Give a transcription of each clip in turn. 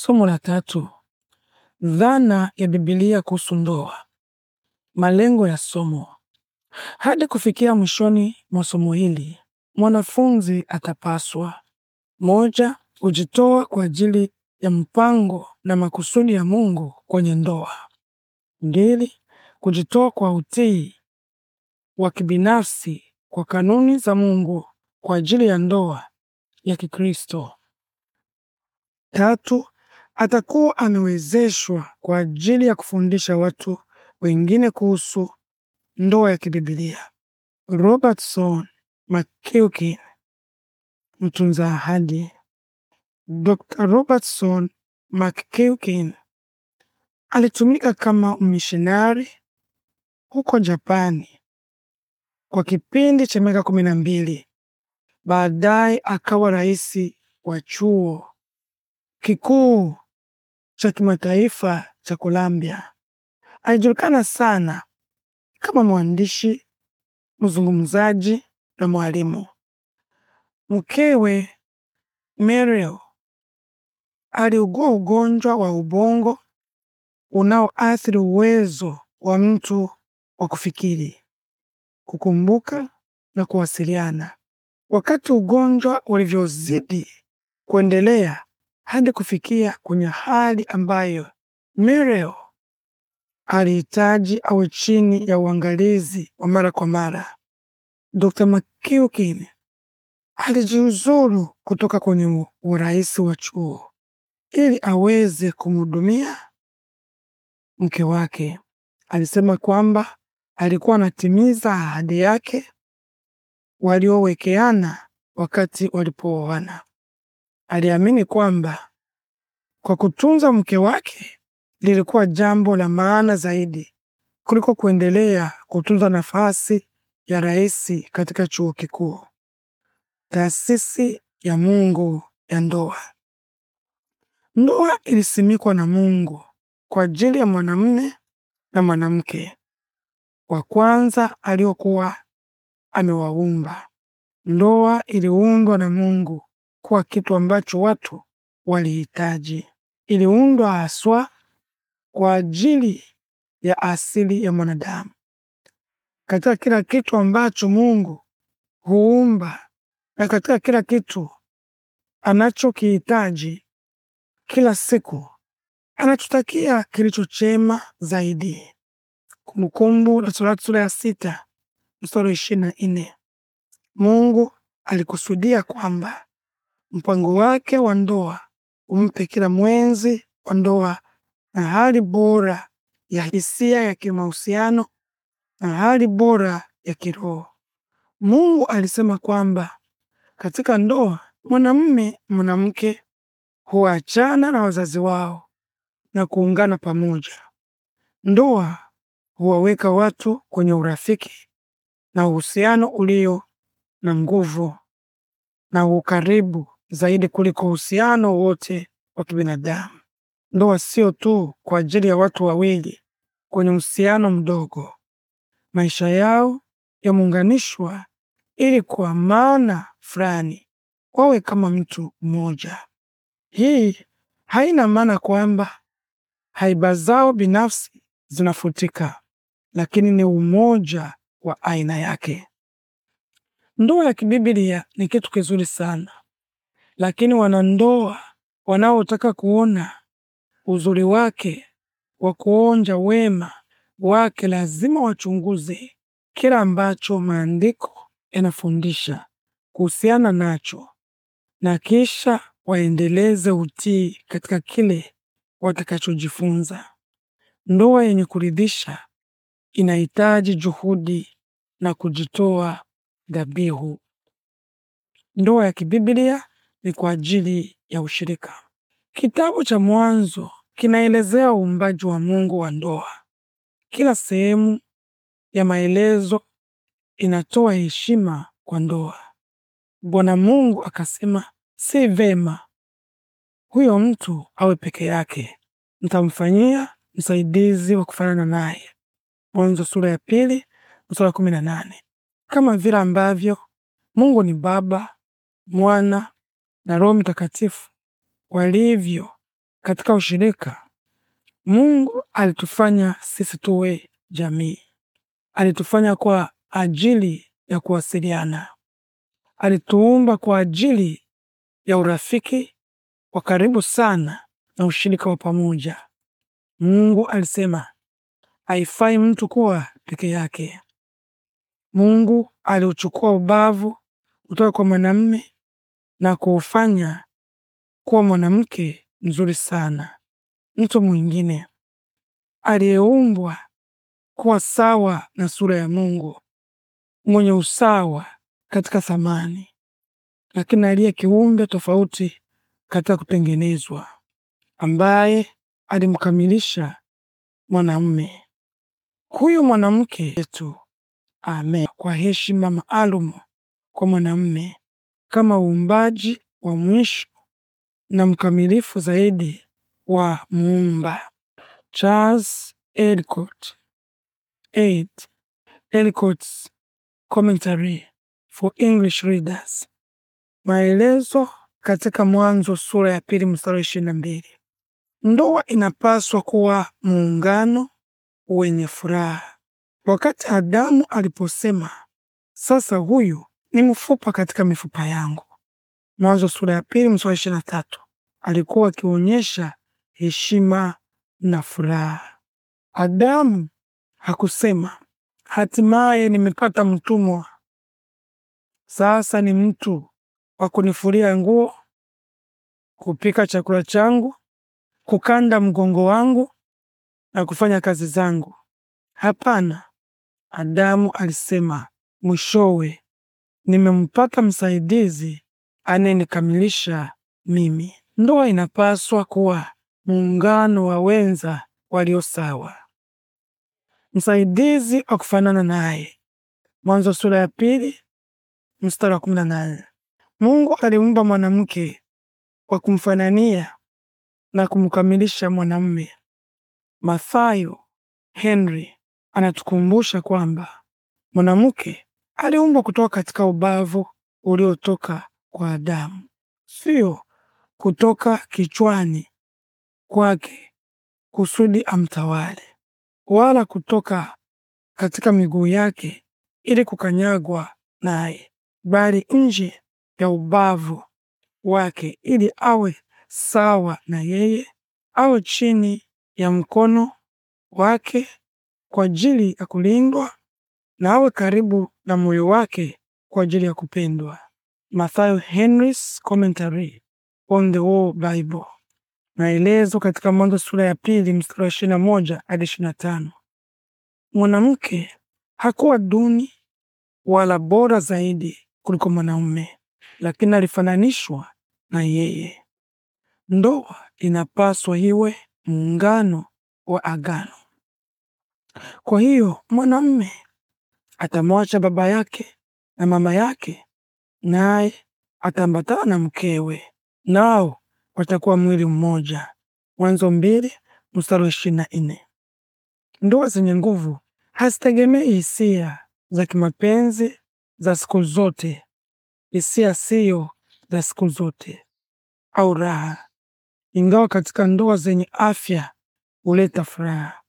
Somo la tatu: dhana ya Biblia kuhusu ndoa. Malengo ya somo: hadi kufikia mwishoni mwa somo hili, mwanafunzi atapaswa: moja, kujitoa kwa ajili ya mpango na makusudi ya Mungu kwenye ndoa; mbili, kujitoa kwa utii wa kibinafsi kwa kanuni za Mungu kwa ajili ya ndoa ya Kikristo; tatu, atakuwa amewezeshwa kwa ajili ya kufundisha watu wengine kuhusu ndoa ya kibibilia. Robertson McKeown, mtunza ahadi. Dr. Robertson McKeown alitumika kama mishinari huko Japani kwa kipindi cha miaka kumi na mbili. Baadaye akawa rais wa chuo kikuu cha kimataifa cha Colombia. Alijulikana sana kama mwandishi, mzungumzaji na mwalimu. Mkewe Mariel aliugua ugonjwa wa ubongo unaoathiri uwezo wa mtu wa kufikiri, kukumbuka na kuwasiliana. Wakati ugonjwa ulivyozidi kuendelea, hadi kufikia kwenye hali ambayo Miriam alihitaji awe chini ya uangalizi wa mara kwa mara. Dr. McKeown alijiuzuru kutoka kwenye urais wa chuo ili aweze kumhudumia mke wake. Alisema kwamba alikuwa anatimiza ahadi yake waliowekeana wakati walipooana aliamini kwamba kwa kutunza mke wake lilikuwa jambo la maana zaidi kuliko kuendelea kutunza nafasi ya rais katika chuo kikuu. Taasisi ya Mungu ya ndoa. Ndoa ilisimikwa na Mungu kwa ajili ya mwanamume na mwanamke wa kwanza aliokuwa amewaumba. Ndoa iliundwa na Mungu kuwa kitu ambacho watu walihitaji. Iliundwa haswa kwa ajili ya asili ya mwanadamu. Katika kila kitu ambacho Mungu huumba na katika kila kitu anachokihitaji kila siku, anachotakia kilicho chema zaidi. Kumbukumbu la Torati sura ya sita mstari ishirini na nne. Mungu alikusudia kwamba mpango wake wa ndoa umpe kila mwenzi wa ndoa na hali bora ya hisia ya kimahusiano na hali bora ya kiroho. Mungu alisema kwamba katika ndoa mwanamume mwanamke huachana na wazazi wao na kuungana pamoja. Ndoa huwaweka watu kwenye urafiki na uhusiano ulio na nguvu na ukaribu zaidi kuliko uhusiano wote wa kibinadamu. Ndoa sio tu kwa ajili ya watu wawili kwenye uhusiano mdogo, maisha yao yameunganishwa ili kwa maana fulani wawe kama mtu mmoja. Hii haina maana kwamba haiba zao binafsi zinafutika, lakini ni umoja wa aina yake. Ndoa ya kibiblia ni kitu kizuri sana lakini wanandoa wanaotaka kuona uzuri wake wa kuonja wema wake lazima wachunguze kila ambacho maandiko yanafundisha kuhusiana nacho na kisha waendeleze utii katika kile watakachojifunza. Ndoa yenye kuridhisha inahitaji juhudi na kujitoa dhabihu. Ndoa ya kibiblia ni kwa ajili ya ushirika. Kitabu cha Mwanzo kinaelezea uumbaji wa Mungu wa ndoa. Kila sehemu ya maelezo inatoa heshima kwa ndoa. Bwana Mungu akasema, si vema huyo mtu awe peke yake, nitamfanyia msaidizi wa kufanana naye. Mwanzo sura ya pili mstari wa kumi na nane. Kama vile ambavyo Mungu ni Baba, Mwana na Roho Mtakatifu walivyo katika ushirika. Mungu alitufanya sisi tuwe jamii, alitufanya kwa ajili ya kuwasiliana, alituumba kwa ajili ya urafiki wa karibu sana na ushirika wa pamoja. Mungu alisema haifai mtu kuwa peke yake. Mungu aliuchukua ubavu kutoka kwa mwanamume na kuufanya kuwa mwanamke mzuri sana, mtu mwingine aliyeumbwa kuwa sawa na sura ya Mungu, mwenye usawa katika thamani, lakini aliye kiumbe tofauti katika kutengenezwa, ambaye alimkamilisha mwanamume huyu mwanamke yetu. Amen. Kwa heshima maalumu kwa mwanamume kama uumbaji wa mwisho na mkamilifu zaidi wa Muumba. Charles Elcott 8. Elcott's Commentary for English Readers. Maelezo katika Mwanzo sura ya pili mstari ishirini na mbili. Ndoa inapaswa kuwa muungano wenye furaha. Wakati Adamu aliposema sasa huyu ni mfupa katika mifupa yangu. Mwanzo sura ya pili mstari ishirini na tatu. Alikuwa akionyesha heshima na furaha. Adamu hakusema hatimaye nimepata mtumwa, sasa ni mtu wa kunifulia nguo, kupika chakula changu, kukanda mgongo wangu na kufanya kazi zangu. Hapana, Adamu alisema mwishowe nimempata msaidizi anayenikamilisha mimi. Ndoa inapaswa kuwa muungano wa wenza walio sawa. Msaidizi wa kufanana naye, Mwanzo sura ya pili mstari wa kumi na nane. Mungu aliumba mwanamke kwa kumfanania na kumkamilisha mwanamume. Mathayo Henry anatukumbusha kwamba mwanamke aliumbwa kutoka katika ubavu uliotoka kwa Adamu, sio kutoka kichwani kwake kusudi amtawale, wala kutoka katika miguu yake ili kukanyagwa naye, bali nje ya ubavu wake ili awe sawa na yeye, awe chini ya mkono wake kwa ajili ya kulindwa na awe karibu na moyo wake kwa ajili ya kupendwa. Matthew Henry's Commentary on the Whole Bible, maelezo katika Mwanzo sura ya pili mstari wa ishirini na moja hadi ishirini na tano. Mwanamke hakuwa duni wala bora zaidi kuliko mwanaume, lakini alifananishwa na yeye. Ndoa inapaswa iwe muungano wa agano. Kwa hiyo mwanamume atamwacha baba yake na mama yake, naye ataambatana na mkewe, nao watakuwa mwili mmoja. Mwanzo mbili mstari wa ishirini na nne. Ndoa zenye nguvu hazitegemei hisia za kimapenzi za siku zote, hisia siyo za siku zote au raha, ingawa katika ndoa zenye afya huleta furaha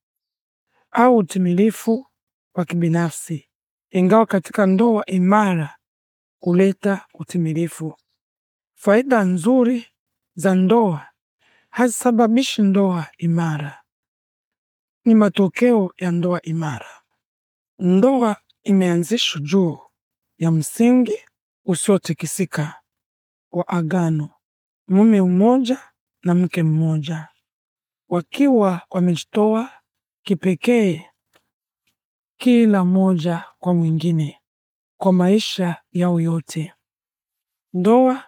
au utimilifu wa kibinafsi ingawa katika ndoa imara kuleta utimilifu. Faida nzuri za ndoa hazisababishi ndoa imara, ni matokeo ya ndoa imara. Ndoa imeanzishwa juu ya msingi usiotikisika wa agano, mume mmoja na mke mmoja wakiwa wamejitoa kipekee kila mmoja kwa mwingine kwa maisha yao yote. Ndoa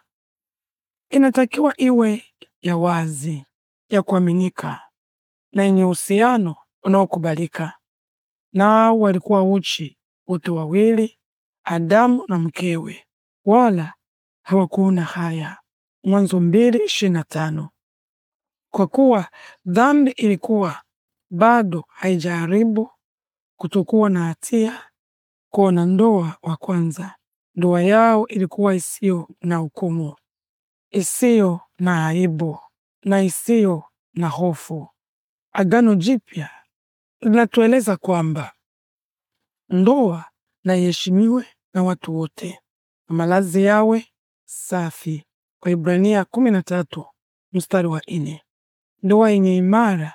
inatakiwa iwe ya wazi, ya kuaminika na yenye uhusiano unaokubalika. Nao walikuwa uchi wote wawili, Adamu na mkewe, wala hawakuona haya. Mwanzo mbili ishirini na tano. Kwa kuwa dhambi ilikuwa bado haijaharibu kutokuwa na hatia kwa ndoa wa kwanza. Ndoa yao ilikuwa isiyo na hukumu, isiyo na aibu na isiyo na hofu. Agano Jipya linatueleza kwamba ndoa na na watu wote na malazi yawe safi, kwa Ibrania 13 mstari wa nne. Ndoa yenye imara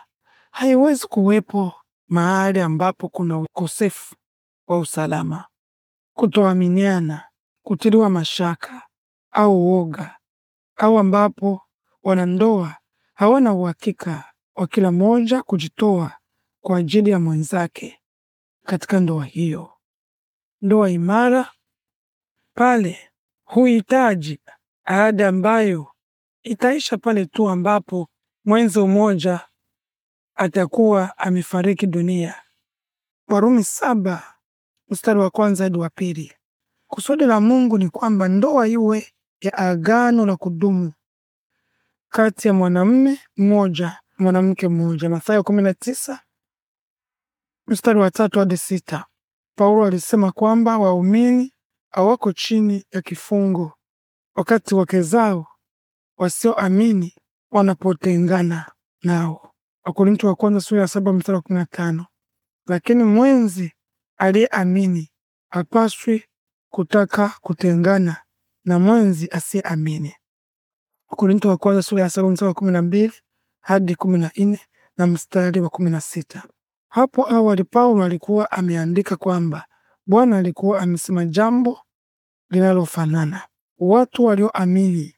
haiwezi kuwepo mahali ambapo kuna ukosefu wa usalama, kutoaminiana, kutiliwa mashaka au woga, au ambapo wanandoa hawana uhakika wa kila mmoja kujitoa kwa ajili ya mwenzake katika ndoa hiyo. Ndoa imara pale huhitaji ahadi ambayo itaisha pale tu ambapo mwenzi mmoja atakuwa amefariki dunia. Warumi saba mstari wa kwanza hadi wa pili. Kusudi la Mungu ni kwamba ndoa iwe ya agano la kudumu kati ya mwanamume mmoja mwanamke mmoja. Mathayo 19 mstari wa tatu hadi sita. Paulo alisema kwamba waumini hawako chini ya kifungo wakati wake zao wasioamini wanapotengana nao. Wakorinto wa kwanza sura ya saba mstari wa kumi na tano. Lakini mwenzi aliyeamini hapaswi kutaka kutengana na mwenzi asiyeamini. Wakorinto wa kwanza sura ya saba mstari wa kumi na mbili hadi kumi na nne na mstari wa kumi na sita. Hapo awali Paulo alikuwa ameandika kwamba Bwana alikuwa amesema jambo linalofanana. Watu walioamini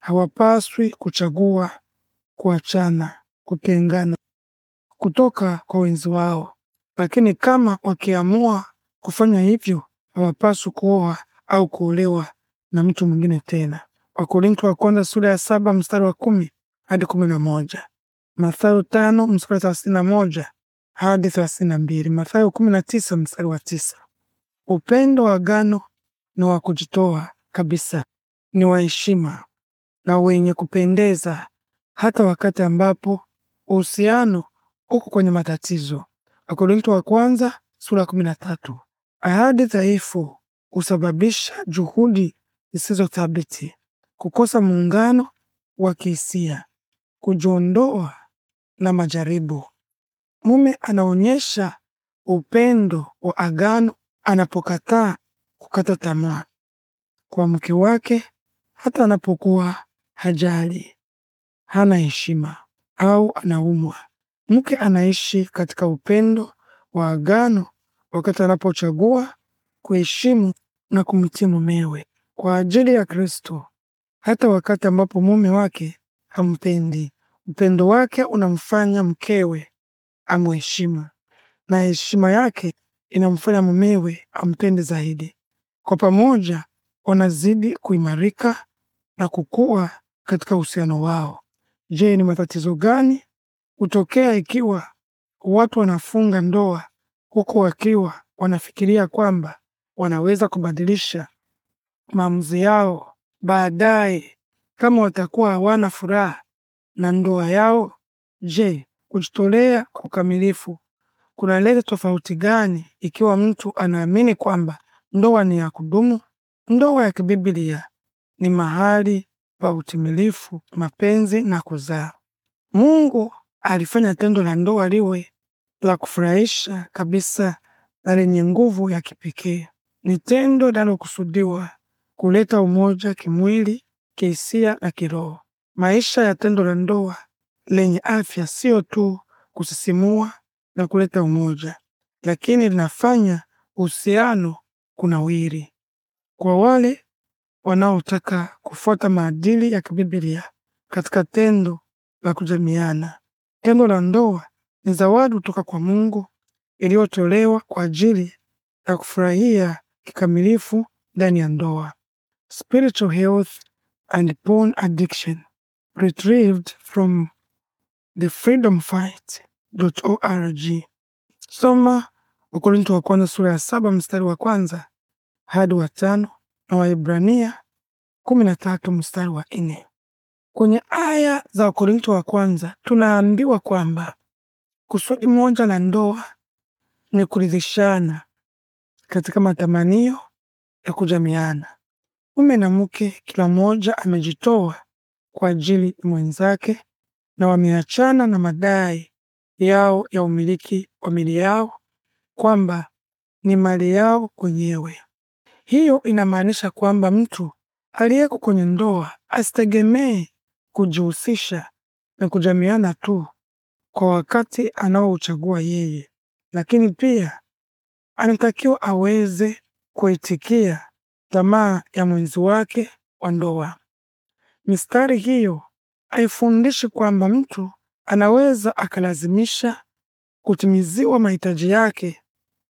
hawapaswi kuchagua kuachana kutengana kutoka kwa wenzi wao, lakini kama wakiamua kufanya hivyo, hawapaswi kuoa au kuolewa na mtu mwingine tena. Wakorintho wa kwanza sura ya saba mstari wa kumi hadi kumi na moja Mathayo tano mstari wa thelathini na moja hadi thelathini na mbili Mathayo kumi na tisa mstari wa tisa Upendo wa agano ni wa kujitoa kabisa, ni wa heshima na wenye kupendeza, hata wakati ambapo uhusiano uko kwenye matatizo. Wakorintho wa kwanza sura kumi na tatu. Ahadi dhaifu husababisha juhudi zisizo thabiti, kukosa muungano wa kihisia, kujiondoa na majaribu. Mume anaonyesha upendo wa agano anapokataa kukata tamaa kwa mke wake, hata anapokuwa hajali, hana heshima au anaumwa. Mke anaishi katika upendo wa agano wakati anapochagua kuheshimu na kumtii mumewe kwa ajili ya Kristo, hata wakati ambapo mume wake hampendi. Upendo wake unamfanya mkewe amheshimu na heshima yake inamfanya mumewe ampende zaidi. Kwa pamoja wanazidi kuimarika na kukua katika uhusiano wao. Je, ni matatizo gani hutokea ikiwa watu wanafunga ndoa huku wakiwa wanafikiria kwamba wanaweza kubadilisha maamuzi yao baadaye kama watakuwa hawana furaha na ndoa yao? Je, kujitolea kwa ukamilifu kunaleta tofauti gani ikiwa mtu anaamini kwamba ndoa ni ya kudumu? Ndoa ya kibiblia ni mahali pa utimilifu, mapenzi na kuzaa. Mungu alifanya tendo la ndoa liwe la kufurahisha kabisa na lenye nguvu ya kipekee. Ni tendo linalokusudiwa kuleta umoja kimwili, kihisia na kiroho. Maisha ya tendo la ndoa lenye afya siyo tu kusisimua na kuleta umoja, lakini linafanya uhusiano kunawiri. Kwa wale wanaotaka kufuata maadili ya kibiblia katika tendo la kujamiana. Tendo la ndoa ni zawadi kutoka kwa Mungu iliyotolewa kwa ajili ya kufurahia kikamilifu ndani ya ndoa. Spiritual Health and Porn Addiction retrieved from the freedomfight.org. Soma Wakorintho wa kwanza sura ya saba mstari wa kwanza hadi wa tano na Waebrania 13 mstari wa 4. Kwenye aya za Wakorinto wa kwanza tunaambiwa kwamba kusudi moja la ndoa ni kuridhishana katika matamanio ya kujamiana. Mume na mke kila mmoja amejitoa kwa ajili ya mwenzake, na wameachana na madai yao ya umiliki wa mali yao kwamba ni mali yao wenyewe. Hiyo inamaanisha kwamba mtu aliyeko kwenye ndoa asitegemee kujihusisha na kujamiana tu kwa wakati anaouchagua yeye, lakini pia anatakiwa aweze kuitikia tamaa ya mwenzi wake wa ndoa. Mistari hiyo haifundishi kwamba mtu anaweza akalazimisha kutimiziwa mahitaji yake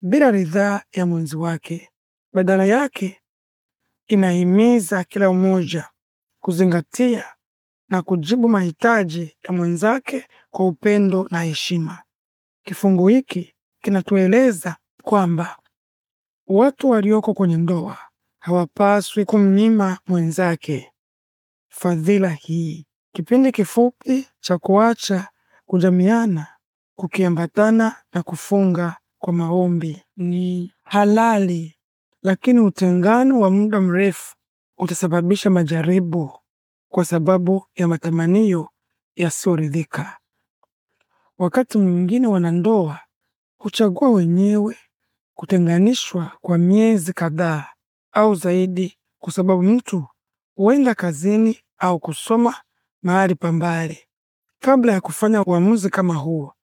bila ridhaa ya mwenzi wake. Badala yake, inahimiza kila mmoja kuzingatia na kujibu mahitaji ya mwenzake kwa upendo na heshima. Kifungu hiki kinatueleza kwamba watu walioko kwenye ndoa hawapaswi kumnyima mwenzake fadhila hii. Kipindi kifupi cha kuacha kujamiana kukiambatana na kufunga kwa maombi ni halali lakini utengano wa muda mrefu utasababisha majaribu kwa sababu ya matamanio yasiyoridhika. Wakati mwingine wanandoa huchagua wenyewe kutenganishwa kwa miezi kadhaa au zaidi, kwa sababu mtu huenda kazini au kusoma mahali pa mbali. Kabla ya kufanya uamuzi kama huo,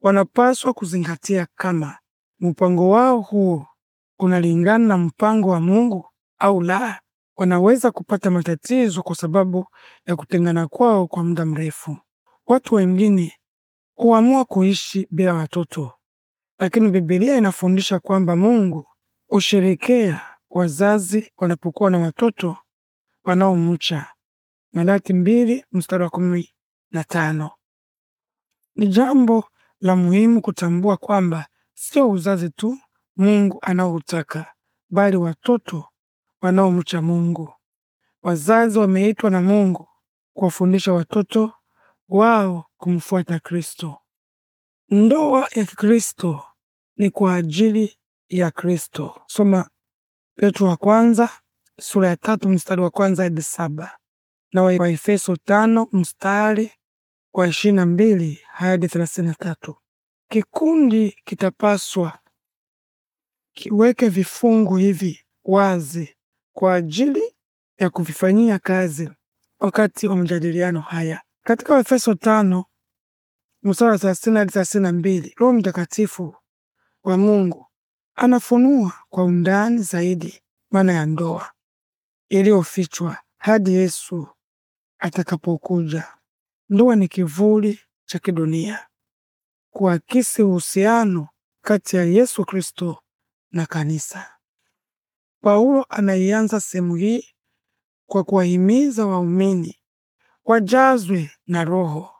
wanapaswa kuzingatia kama mpango wao huo unalingana na mpango wa Mungu au la. Wanaweza kupata matatizo kwa sababu ya kutengana kwao kwa muda mrefu. Watu wengine huamua kuishi bila watoto, lakini Biblia inafundisha kwamba Mungu husherekea wazazi wanapokuwa na watoto wanaomcha. Malaki mbili mstari wa kumi na tano. Ni jambo la muhimu kutambua kwamba sio uzazi tu Mungu anaoutaka, bali watoto wanaomcha Mungu. Wazazi wameitwa na Mungu kuwafundisha watoto wao kumfuata Kristo. Ndoa ya Kikristo ni kwa ajili ya Kristo. Soma Petro wa kwanza sura ya tatu mstari wa kwanza hadi saba na Waefeso tano mstari wa ishirini na mbili hadi thelathini na tatu. Kikundi kitapaswa weke vifungu hivi wazi kwa ajili ya kuvifanyia kazi wakati wa majadiliano haya. Katika Waefeso tano mstari wa thelathini hadi thelathini na mbili Roho Mtakatifu wa Mungu anafunua kwa undani zaidi maana ya ndoa iliyofichwa hadi Yesu atakapokuja. Ndoa ni kivuli cha kidunia kuakisi uhusiano kati ya Yesu Kristo na kanisa. Paulo anaianza sehemu hii kwa kuwahimiza waumini wajazwe na Roho,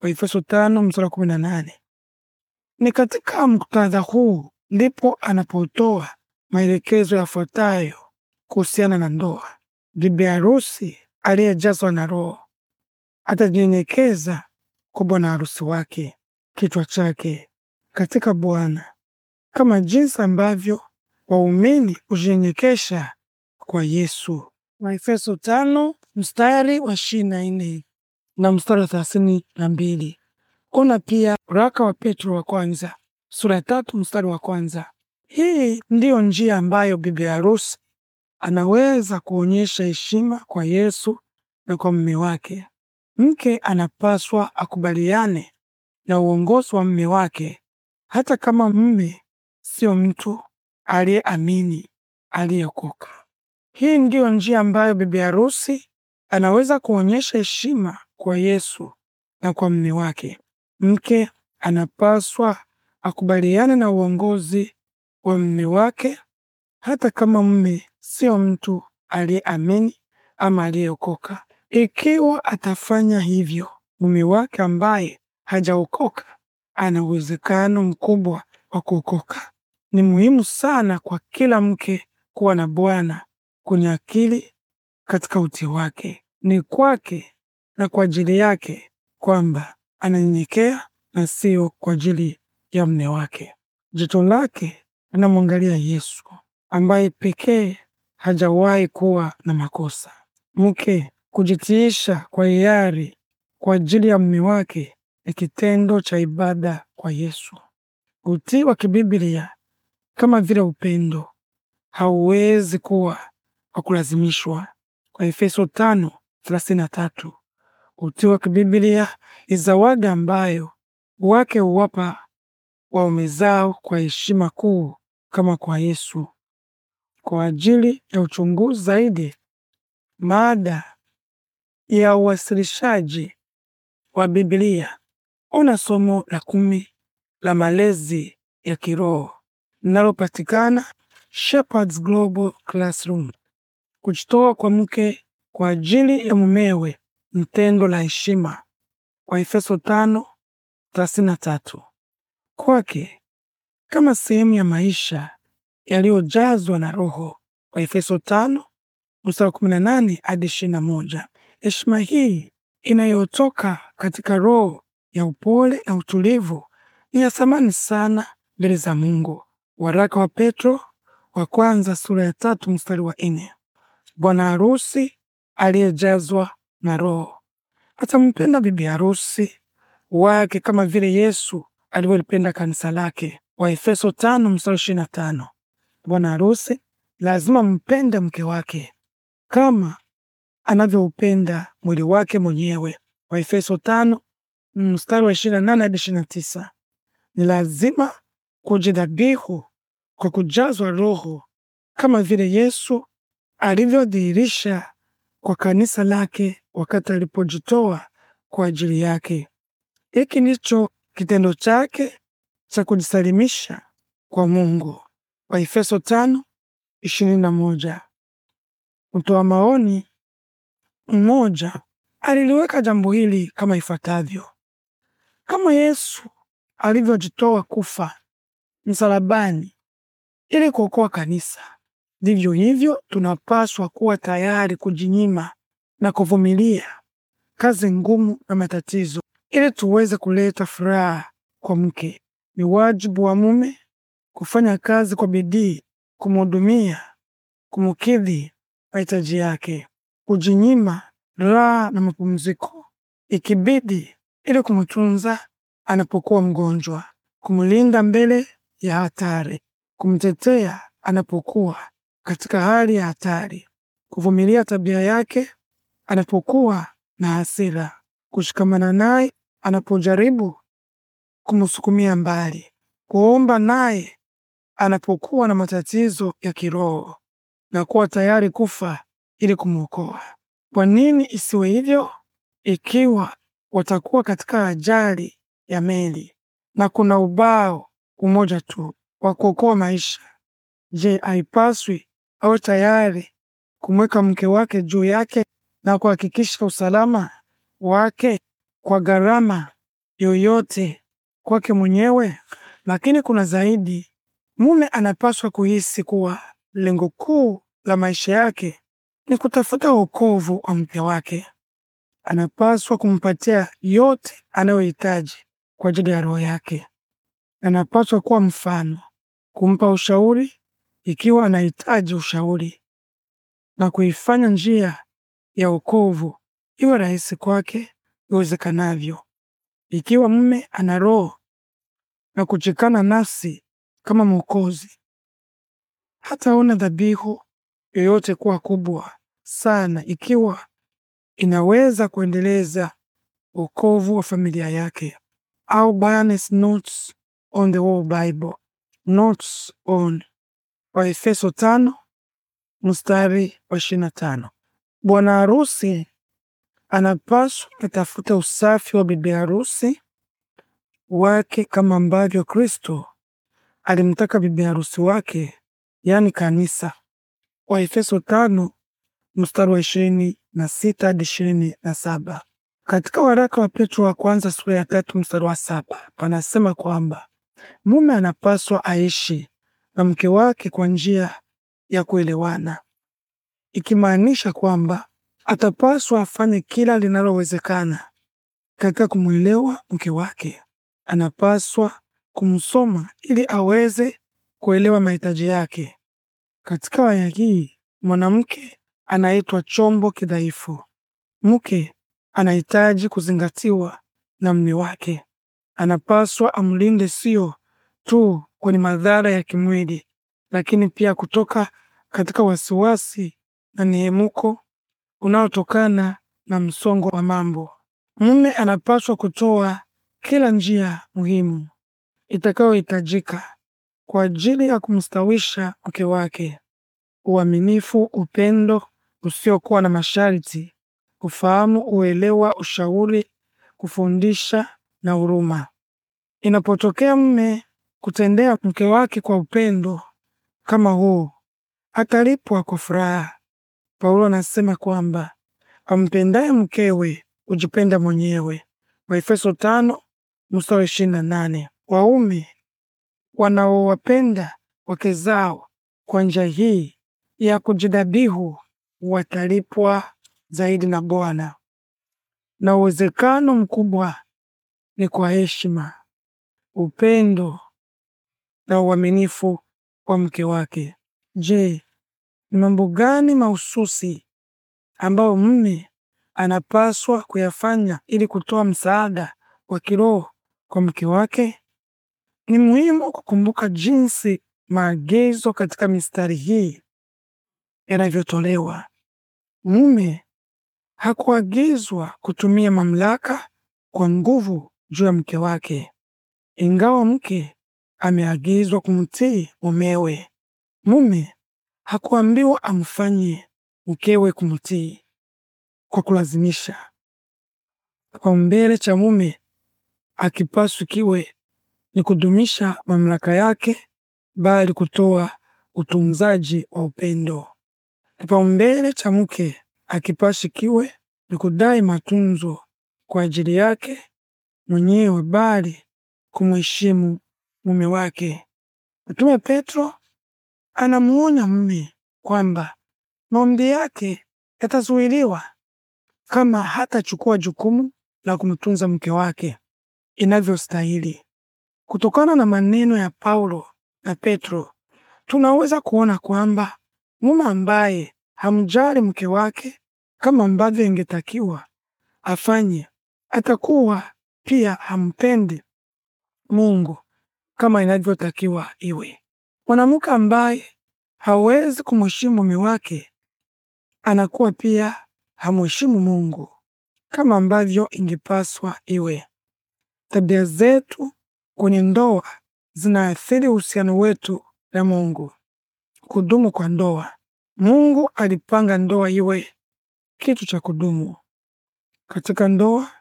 Waefeso 5:18. Ni katika muktadha huu ndipo anapotoa maelekezo yafuatayo kuhusiana na ndoa. Bibi harusi aliyejazwa na Roho atajinyenyekeza kwa bwana harusi wake, kichwa chake katika Bwana kama jinsi ambavyo waumini hujinyenyekesha kwa Yesu. Waefeso tano mstari wa ishirini na nne na mstari wa thelathini na mbili. Ona pia waraka wa Petro wa kwanza sura ya tatu mstari wa kwanza. Hii ndiyo njia ambayo bibi harusi anaweza kuonyesha heshima kwa Yesu na kwa mume wake. Mke anapaswa akubaliane na uongozi wa mume wake, hata kama mume sio mtu aliyeamini aliyekoka. Hii ndiyo njia ambayo bibi harusi anaweza kuonyesha heshima kwa Yesu na kwa mme wake. Mke anapaswa akubaliane na uongozi wa mme wake, hata kama mme sio mtu aliyeamini ama aliyeokoka. Ikiwa atafanya hivyo, mume wake ambaye hajaokoka ana uwezekano mkubwa wa kuokoka. Ni muhimu sana kwa kila mke kuwa na bwana kwenye akili katika uti wake. Ni kwake na kwa ajili yake kwamba ananyenyekea na sio kwa ajili ya mme wake. Jicho lake anamwangalia Yesu ambaye pekee hajawahi kuwa na makosa. Mke kujitiisha kwa hiari kwa ajili ya mme wake ni kitendo cha ibada kwa Yesu. Utii wa kibiblia kama vile upendo hauwezi kuwa kwa kulazimishwa, kwa Efeso 5:33 Utii wa kibibilia ni zawadi ambayo wake huwapa waume zao kwa heshima kuu kama kwa Yesu. Kwa ajili ya uchunguzi zaidi, mada ya uwasilishaji wa Biblia, ona somo la kumi la malezi ya kiroho linalopatikana Shepherds Global Classroom. Kujitoa kwa mke kwa ajili ya mumewe ni tendo la heshima, kwa Efeso 5:33, Kwake kama sehemu ya maisha yaliyojazwa na Roho, Waefeso Efeso 5:18 hadi moja. Heshima hii inayotoka katika roho ya upole na utulivu ni ya thamani sana mbele za Mungu. Waraka wa Petro wa kwanza sura ya tatu mstari wa nne. Bwana harusi aliyejazwa na Roho atampenda bibi harusi wake kama vile Yesu alivyolipenda kanisa lake, wa Efeso tano mstari ishirini na tano. Bwana harusi lazima mpende mke wake kama anavyoupenda mwili wake mwenyewe, wa Efeso tano mstari wa ishirini na nane hadi ishirini na tisa. Ni lazima kujidhabihu kwa kujazwa Roho kama vile Yesu alivyodhihirisha kwa kanisa lake wakati alipojitoa kwa ajili yake. Hiki ndicho kitendo chake cha kujisalimisha kwa Mungu. Waefeso 5:21. Mtoa maoni mmoja aliliweka jambo hili kama ifuatavyo: kama Yesu alivyojitoa kufa msalabani ili kuokoa kanisa. Vivyo hivyo, tunapaswa kuwa tayari kujinyima na kuvumilia kazi ngumu na matatizo ili tuweze kuleta furaha kwa mke. Ni wajibu wa mume kufanya kazi kwa bidii, kumhudumia, kumukidhi mahitaji yake, kujinyima raha na mapumziko ikibidi, ili kumtunza anapokuwa mgonjwa, kumlinda mbele ya hatari, kumtetea anapokuwa katika hali ya hatari, kuvumilia tabia yake anapokuwa na hasira, kushikamana naye anapojaribu kumsukumia mbali, kuomba naye anapokuwa na matatizo ya kiroho na kuwa tayari kufa ili kumwokoa. Kwa nini isiwe hivyo ikiwa watakuwa katika ajali ya meli na kuna ubao umoja tu wa kuokoa maisha. Je, haipaswi awe tayari kumweka mke wake juu yake na kuhakikisha usalama wake kwa gharama yoyote kwake mwenyewe? Lakini kuna zaidi. Mume anapaswa kuhisi kuwa lengo kuu la maisha yake ni kutafuta wokovu wa mke wake. Anapaswa kumpatia yote anayohitaji kwa ajili ya roho yake anapaswa kuwa mfano, kumpa ushauri ikiwa anahitaji ushauri, na kuifanya njia ya wokovu iwe rahisi kwake iwezekanavyo. Ikiwa mume ana roho na kuchikana nafsi kama Mwokozi, hataona dhabihu yoyote kuwa kubwa sana ikiwa inaweza kuendeleza wokovu wa familia yake. Au Barnes notes on the whole Bible, not on. Waefeso tano mstari wa ishirini na tano. Bwana harusi anapaswa kutafuta usafi wa bibi harusi wake kama ambavyo Kristo alimtaka bibi harusi wake, yaani kanisa. Waefeso tano mstari wa ishirini na sita hadi ishirini na saba. Katika waraka wa Petro wa kwanza sura ya tatu mstari wa saba panasema kwamba Mume anapaswa aishi na mke wake kwa njia ya kuelewana, ikimaanisha kwamba atapaswa afanye kila linalowezekana katika kumwelewa mke wake. Anapaswa kumsoma ili aweze kuelewa mahitaji yake. Katika aya hii, mwanamke anaitwa chombo kidhaifu. Mke anahitaji kuzingatiwa na mume wake anapaswa amlinde sio tu kwenye madhara ya kimwili, lakini pia kutoka katika wasiwasi na nehemuko unaotokana na msongo wa mambo. Mume anapaswa kutoa kila njia muhimu itakayohitajika kwa ajili ya kumstawisha mke wake: uaminifu, upendo usiokuwa na masharti, ufahamu, uelewa, ushauri, kufundisha na huruma. Inapotokea mume kutendea mke wake kwa upendo kama huu, atalipwa kwa furaha. Paulo anasema kwamba ampendaye mkewe ujipenda mwenyewe, Waefeso tano mstari ishirini na nane. Waume wanaowapenda wake zao kwa njia hii ya kujidabihu watalipwa zaidi na Bwana na uwezekano mkubwa ni kwa heshima, upendo na uaminifu kwa mke wake. Je, ni mambo gani mahususi ambayo mume anapaswa kuyafanya ili kutoa msaada wa kiroho kwa mke wake? Ni muhimu kukumbuka jinsi maagizo katika mistari hii yanavyotolewa. Mume hakuagizwa kutumia mamlaka kwa nguvu juu ya mke wake, ingawa mke ameagizwa kumtii mumewe. Mume hakuambiwa amfanye mkewe kumtii kwa kulazimisha. Kipaumbele cha mume akipaswi kiwe ni kudumisha mamlaka yake, bali kutoa utunzaji wa upendo. Kipaumbele cha mke akipaswi kiwe ni kudai matunzo kwa ajili yake, mwenyewe, bali kumheshimu mume wake. Mtume Petro anamuonya mume kwamba maombi yake yatazuiliwa kama hatachukua jukumu la kumtunza mke wake inavyostahili. Kutokana na maneno ya Paulo na Petro, tunaweza kuona kwamba mume ambaye hamjali mke wake kama ambavyo ingetakiwa afanye atakuwa pia hampendi Mungu kama inavyotakiwa iwe. Mwanamke ambaye hawezi kumheshimu mume wake anakuwa pia hamheshimu Mungu kama ambavyo ingepaswa iwe. Tabia zetu kwenye ndoa zinaathiri uhusiano wetu na Mungu. Kudumu kwa ndoa. Mungu alipanga ndoa iwe kitu cha kudumu. Katika ndoa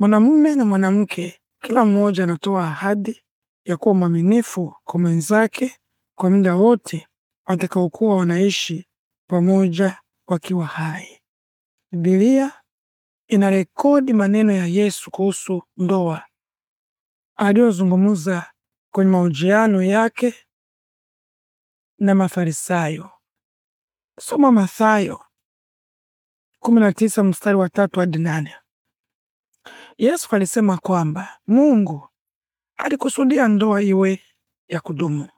Mwanamume na mwanamke, kila mmoja anatoa ahadi ya kuwa mwaminifu kwa mwenzake kwa muda wote watakaokuwa wanaishi pamoja wakiwa hai. Biblia inarekodi maneno ya Yesu kuhusu ndoa aliyozungumza kwenye mahojiano yake na Mafarisayo. Soma Mathayo 19 mstari wa 3 hadi 8. Yesu alisema kwamba Mungu alikusudia ndoa iwe ya kudumu.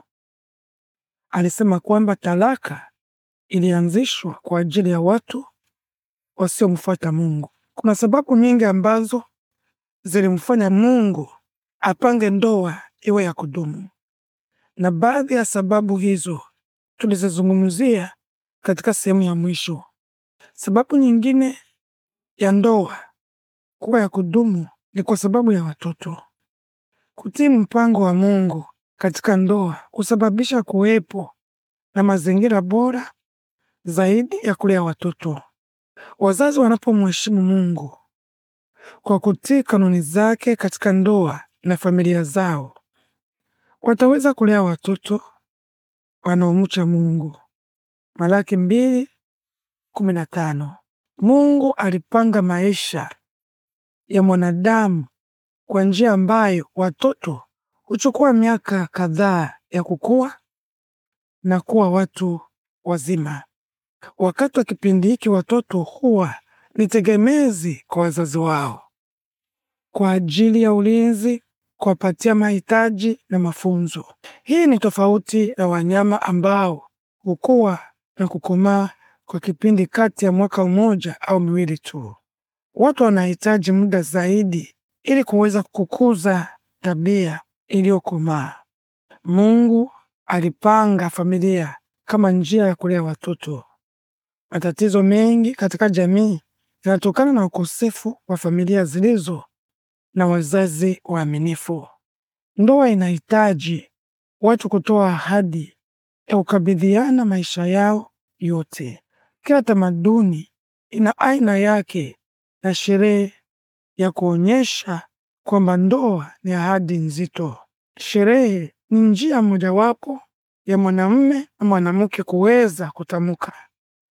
Alisema kwamba talaka ilianzishwa kwa ajili ya watu wasiomfuata Mungu. Kuna sababu nyingi ambazo zilimfanya Mungu apange ndoa iwe ya kudumu, na baadhi ya sababu hizo tulizozungumzia katika sehemu ya mwisho. Sababu nyingine ya ndoa kuwa ya kudumu ni kwa sababu ya watoto. Kutii mpango wa Mungu katika ndoa kusababisha kuwepo na mazingira bora zaidi ya kulea watoto. Wazazi wanapomheshimu Mungu kwa kutii kanuni zake katika ndoa na familia zao, wataweza kulea watoto wanaomcha Mungu. Malaki mbili kumi na tano. Mungu alipanga maisha ya mwanadamu kwa njia ambayo watoto huchukua miaka kadhaa ya kukua na kuwa watu wazima. Wakati wa kipindi hiki, watoto huwa ni tegemezi kwa wazazi wao kwa ajili ya ulinzi, kuwapatia mahitaji na mafunzo. Hii ni tofauti na wanyama ambao hukua na kukomaa kwa kipindi kati ya mwaka mmoja au miwili tu watu wanahitaji muda zaidi ili kuweza kukuza tabia iliyokomaa. Mungu alipanga familia kama njia ya kulea watoto. Matatizo mengi katika jamii yanatokana na ukosefu wa familia zilizo na wazazi waaminifu. Ndoa inahitaji watu kutoa ahadi ya kukabidhiana maisha yao yote. Kila tamaduni ina aina yake na sherehe ya kuonyesha kwamba ndoa ni ahadi nzito. Sherehe ni njia mojawapo ya mwanamume na mwanamke kuweza kutamka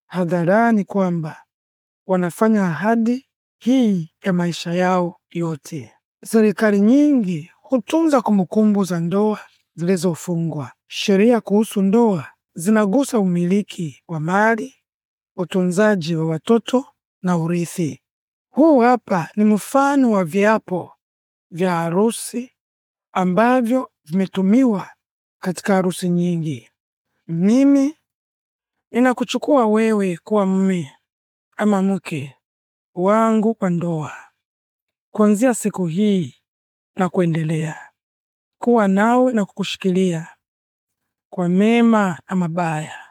hadharani kwamba wanafanya ahadi hii ya maisha yao yote. Serikali nyingi hutunza kumbukumbu za ndoa zilizofungwa. Sheria kuhusu ndoa zinagusa umiliki wa mali, utunzaji wa watoto na urithi. Huu hapa ni mfano wa viapo vya harusi ambavyo vimetumiwa katika harusi nyingi. Mimi ninakuchukua wewe kuwa mume ama mke wangu kwa ndoa, kuanzia siku hii na kuendelea, kuwa nawe na kukushikilia kwa mema na mabaya,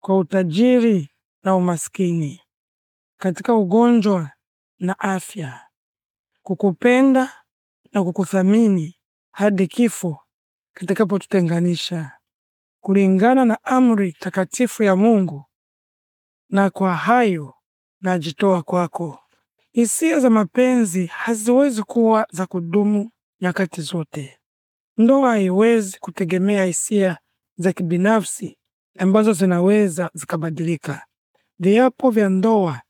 kwa utajiri na umaskini, katika ugonjwa na afya, kukupenda na kukuthamini hadi kifo kitakapotutenganisha, kulingana na amri takatifu ya Mungu. Na kwa hayo najitoa kwako. Hisia za mapenzi haziwezi kuwa za kudumu nyakati zote. Ndoa haiwezi kutegemea hisia za kibinafsi ambazo zinaweza zikabadilika. Viapo vya ndoa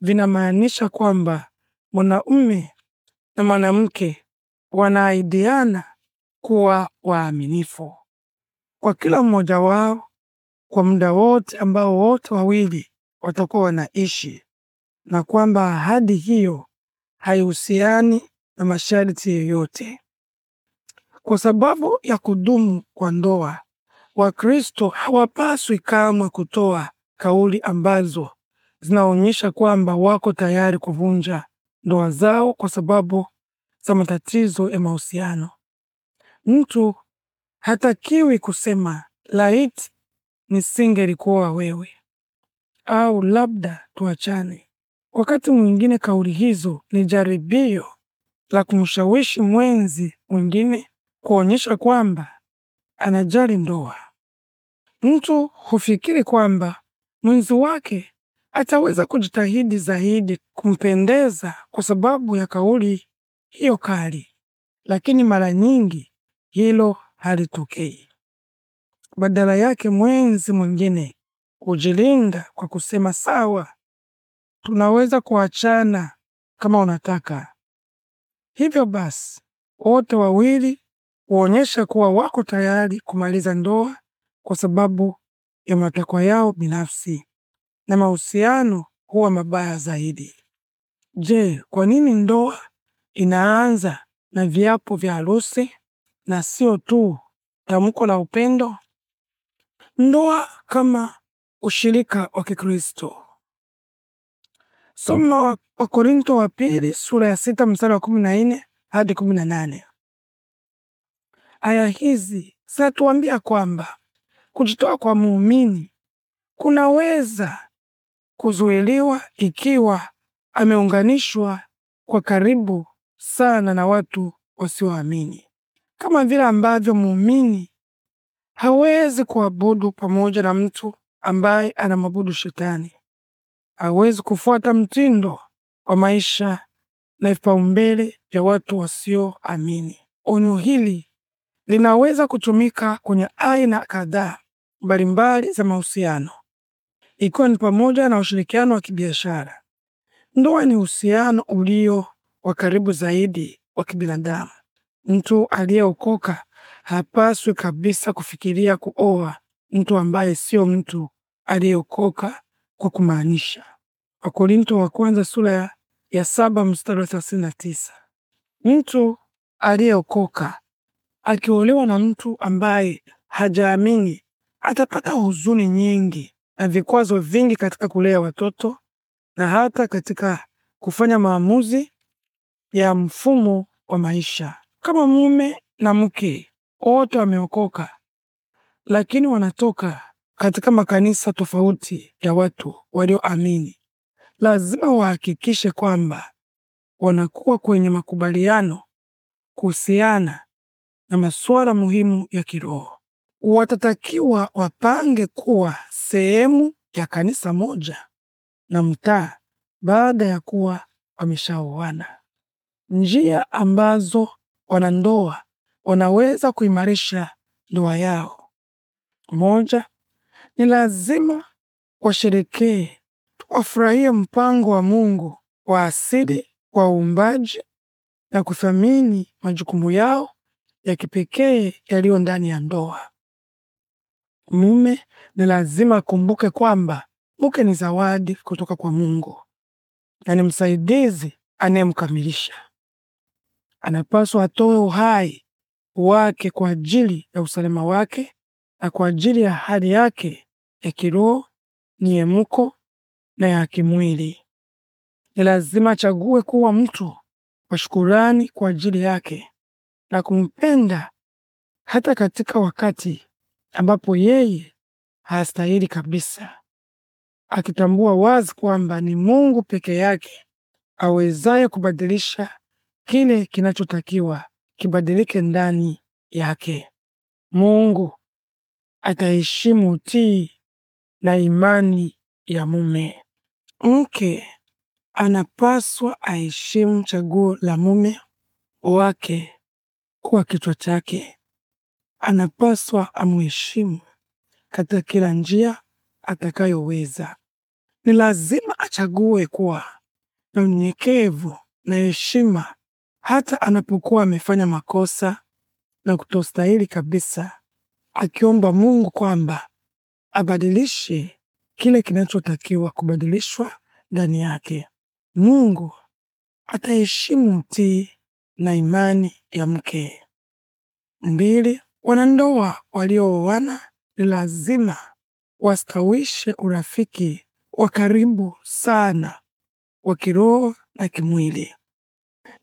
vinamaanisha kwamba mwanaume na mwanamke wanaaidiana kuwa waaminifu kwa kila mmoja wao kwa muda wote ambao wote wawili watakuwa wanaishi, na kwamba ahadi hiyo haihusiani na masharti yoyote. Kwa sababu ya kudumu kwa ndoa, Wakristo hawapaswi kamwe kutoa kauli ambazo zinaonyesha kwamba wako tayari kuvunja ndoa zao kwa sababu za matatizo ya mahusiano. Mtu hatakiwi kusema laiti nisingelikuwa wewe au labda tuachane. Wakati mwingine kauli hizo ni jaribio la kumshawishi mwenzi mwingine kuonyesha kwamba anajali ndoa. Mtu hufikiri kwamba mwenzi wake ataweza kujitahidi zaidi kumpendeza kwa sababu ya kauli hiyo kali, lakini mara nyingi hilo halitokei. Badala yake, mwenzi mwingine hujilinda kwa kusema sawa, tunaweza kuachana kama unataka. Hivyo basi, wote wawili huonyesha kuwa wako tayari kumaliza ndoa kwa sababu ya matakwa yao binafsi na mahusiano huwa mabaya zaidi. Je, kwa nini ndoa inaanza na viapo vya harusi na sio tu tamko la upendo? Ndoa kama ushirika wa Kikristo. Somo wa Korinto wa pili sura ya sita mstari wa kumi na nne hadi kumi na nane. Aya hizi zinatuambia kwamba kujitoa kwa muumini kunaweza kuzuiliwa ikiwa ameunganishwa kwa karibu sana na watu wasioamini, kama vile ambavyo muumini hawezi kuabudu pamoja na mtu ambaye anamwabudu Shetani, hawezi kufuata mtindo wa maisha na vipaumbele vya watu wasioamini. Onyo hili linaweza kutumika kwenye aina kadhaa mbalimbali za mahusiano ikiwa ni pamoja na ushirikiano wa kibiashara. Ndoa ni uhusiano ulio wa karibu zaidi wa kibinadamu. Mtu aliyeokoka hapaswi kabisa kufikiria kuoa mtu ambaye sio mtu aliyeokoka kwa kumaanisha. Wakorinto wa kwanza sura ya saba mstari wa thelathini na tisa. Mtu aliyeokoka akiolewa na mtu ambaye hajaamini atapata huzuni nyingi na vikwazo vingi katika kulea watoto na hata katika kufanya maamuzi ya mfumo wa maisha. Kama mume na mke wote wameokoka, lakini wanatoka katika makanisa tofauti ya watu walioamini, lazima wahakikishe kwamba wanakuwa kwenye makubaliano kuhusiana na masuala muhimu ya kiroho watatakiwa wapange kuwa sehemu ya kanisa moja na mtaa baada ya kuwa wameshaoana. Njia ambazo wanandoa wanaweza kuimarisha ndoa yao: moja, ni lazima washerekee, wafurahie mpango wa Mungu wa asili wa uumbaji na kuthamini majukumu yao ya kipekee yaliyo ndani ya ndoa mume, ni lazima akumbuke kwamba mke ni zawadi kutoka kwa Mungu na ni msaidizi anayemkamilisha. Anapaswa atoe uhai wake kwa ajili ya usalama wake na kwa ajili ya hali yake ya kiroho, niemuko na ya kimwili. Ni lazima achague kuwa mtu wa shukurani kwa ajili yake na kumpenda hata katika wakati ambapo yeye hastahili kabisa, akitambua wazi kwamba ni Mungu peke yake awezaye kubadilisha kile kinachotakiwa kibadilike ndani yake. Mungu ataheshimu utii na imani ya mume. Mke anapaswa aheshimu chaguo la mume wake kwa kichwa chake anapaswa amheshimu katika kila njia atakayoweza. Ni lazima achague kuwa na unyenyekevu na heshima hata anapokuwa amefanya makosa na kutostahili kabisa, akiomba Mungu kwamba abadilishe kile kinachotakiwa kubadilishwa ndani yake. Mungu ataheshimu mtii na imani ya mke. Mbili, Wanandoa waliooana ni lazima wastawishe urafiki wa karibu sana wa kiroho na kimwili.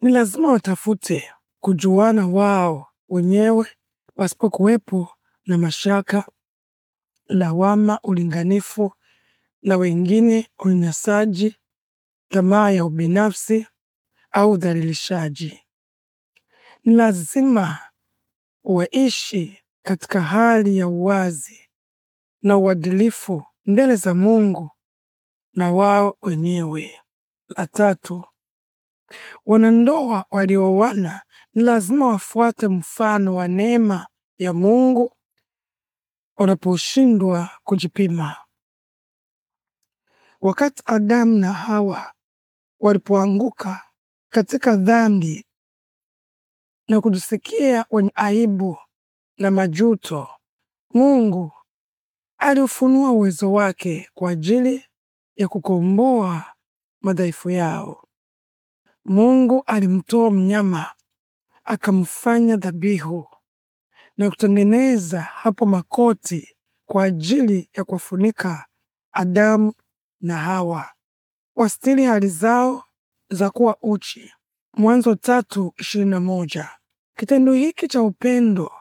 Ni lazima watafute kujuana wao wenyewe kuwepo na mashaka, lawama, ulinganifu na wengine, unyanyasaji, tamaa ya ubinafsi au udhalilishaji. Ni lazima waishi katika hali ya uwazi na uadilifu mbele za Mungu na wao wenyewe. La tatu, wanandoa walioana ni lazima wafuate mfano wa neema ya Mungu wanaposhindwa kujipima. Wakati Adamu na Hawa walipoanguka katika dhambi na kutusikia wenye aibu na majuto. Mungu aliufunua uwezo wake kwa ajili ya kukomboa madhaifu yao. Mungu alimtoa mnyama akamfanya dhabihu na kutengeneza hapo makoti kwa ajili ya kuwafunika Adamu na Hawa wasitiri hali zao za kuwa uchi. Mwanzo tatu ishirini na moja. Kitendo hiki cha upendo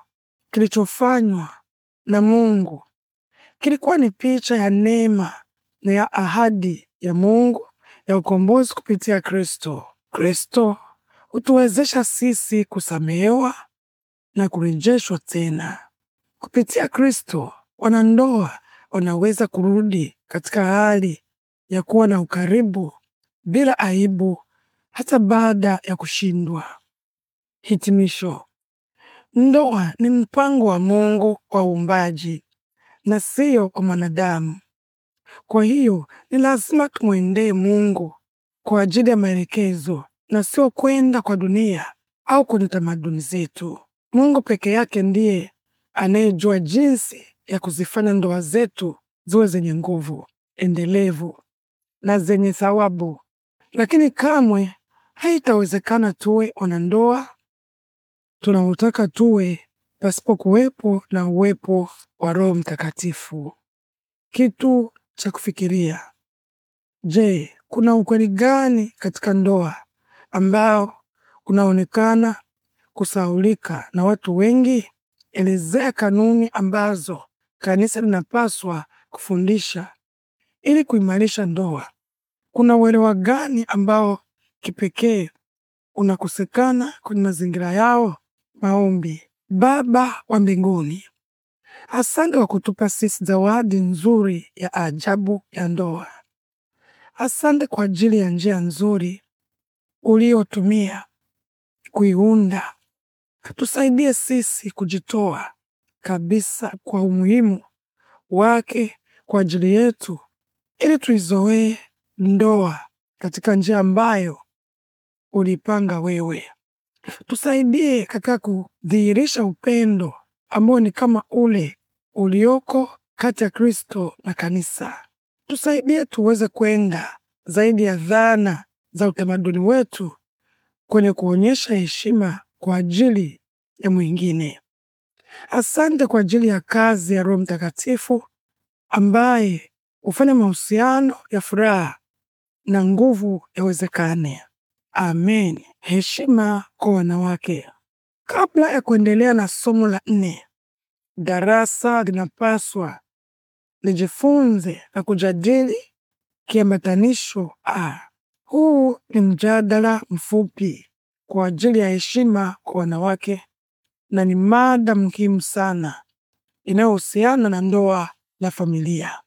kilichofanywa na Mungu kilikuwa ni picha ya neema na ya ahadi ya Mungu ya ukombozi kupitia Kristo. Kristo hutuwezesha sisi kusamehewa na kurejeshwa tena. Kupitia Kristo, wanandoa wanaweza kurudi katika hali ya kuwa na ukaribu bila aibu hata baada ya kushindwa. Hitimisho: ndoa ni mpango wa Mungu wa uumbaji na sio kwa mwanadamu. Kwa hiyo ni lazima tumwendee Mungu kwa ajili ya maelekezo na sio kwenda kwa dunia au kwenye tamaduni zetu. Mungu peke yake ndiye anayejua jinsi ya kuzifanya ndoa zetu ziwe zenye nguvu, endelevu na zenye thawabu, lakini kamwe haitawezekana tuwe wanandoa tunaotaka tuwe pasipo kuwepo na uwepo wa Roho Mtakatifu. Kitu cha kufikiria. Je, kuna ukweli gani katika ndoa ambao unaonekana kusaulika na watu wengi? Elezea kanuni ambazo kanisa linapaswa kufundisha ili kuimarisha ndoa. Kuna uelewa gani ambao kipekee unakosekana kwenye mazingira yao? Maombi. Baba wa mbinguni, asante kwa kutupa sisi zawadi nzuri ya ajabu ya ndoa. Asante kwa ajili ya njia nzuri uliyotumia kuiunda. Tusaidie sisi kujitoa kabisa kwa umuhimu wake kwa ajili yetu, ili tuizoee ndoa katika njia ambayo ulipanga wewe tusaidie katika kudhihirisha upendo ambao ni kama ule ulioko kati ya Kristo na kanisa. Tusaidie tuweze kwenda zaidi ya dhana za utamaduni wetu kwenye kuonyesha heshima kwa ajili ya mwingine. Asante kwa ajili ya kazi ya Roho Mtakatifu ambaye hufanya mahusiano ya furaha na nguvu yawezekane. Amen. Heshima kwa wanawake. Kabla ya kuendelea na somo la nne, darasa linapaswa lijifunze na kujadili kiambatanisho a. Huu ni mjadala mfupi kwa ajili ya heshima kwa wanawake na ni mada muhimu sana inayohusiana na ndoa na familia.